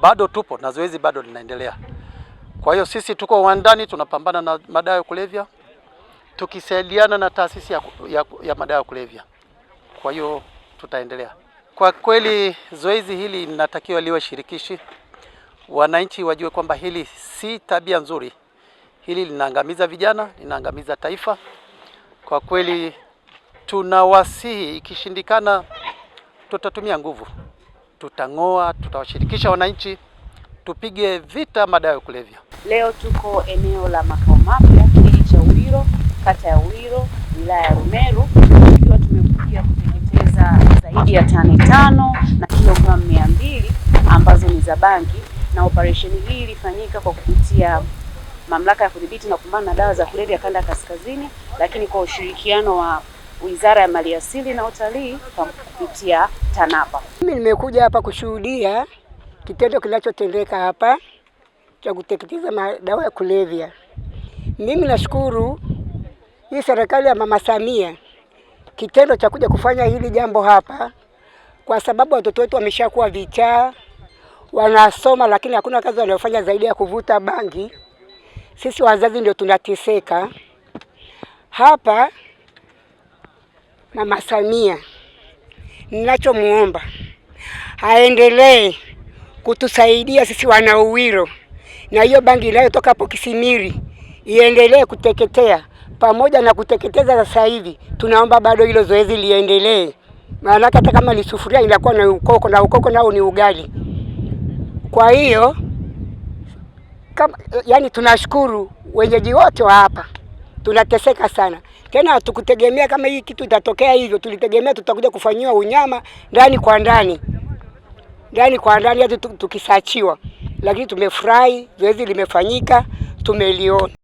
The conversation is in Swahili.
bado tupo na zoezi bado linaendelea. Kwa hiyo sisi tuko uwandani tunapambana na madawa ya kulevya tukisaidiana na taasisi ya, ya, ya madawa ya kulevya. Kwa hiyo tutaendelea. Kwa kweli zoezi hili linatakiwa liwe shirikishi, wananchi wajue kwamba hili si tabia nzuri, hili linaangamiza vijana, linaangamiza taifa. Kwa kweli tunawasihi, ikishindikana tutatumia nguvu tutang'oa, tutawashirikisha wananchi, tupige vita madawa ya kulevya. Leo tuko eneo la makao mapya kijiji cha Uwiro, kata ya Uwiro, wilaya ya Rumeru, tukiwa tumekuja kuteketeza zaidi ya tani tano na kilogramu mia mbili ambazo ni za bangi, na operesheni hii ilifanyika kwa kupitia mamlaka ya kudhibiti na kupambana na dawa za kulevya kanda kaskazini, lakini kwa ushirikiano wa Wizara ya Maliasili na Utalii kwa kupitia TANAPA. Mimi nimekuja hapa kushuhudia kitendo kinachotendeka hapa cha kuteketeza madawa ya kulevya. Mimi nashukuru hii serikali ya Mama Samia kitendo cha kuja kufanya hili jambo hapa, kwa sababu watoto wetu wameshakuwa vichaa, wanasoma lakini hakuna kazi wanayofanya zaidi ya kuvuta bangi. Sisi wazazi ndio tunateseka hapa. Mama Samia, ninachomuomba aendelee kutusaidia sisi wana Uwiro, na hiyo bangi inayotoka hapo Kisimiri iendelee kuteketea pamoja na kuteketeza sasa hivi, tunaomba bado hilo zoezi liendelee, maana hata kama ni sufuria inakuwa na ukoko, na ukoko nao ni ugali. Kwa hiyo kama, yani tunashukuru wenyeji wote wa hapa, tunateseka sana tena, hatukutegemea kama hii kitu itatokea hivyo. Tulitegemea tutakuja kufanyiwa unyama ndani kwa ndani ndani kwa ndani, hata tukisachiwa, lakini tumefurahi, zoezi limefanyika, tumeliona.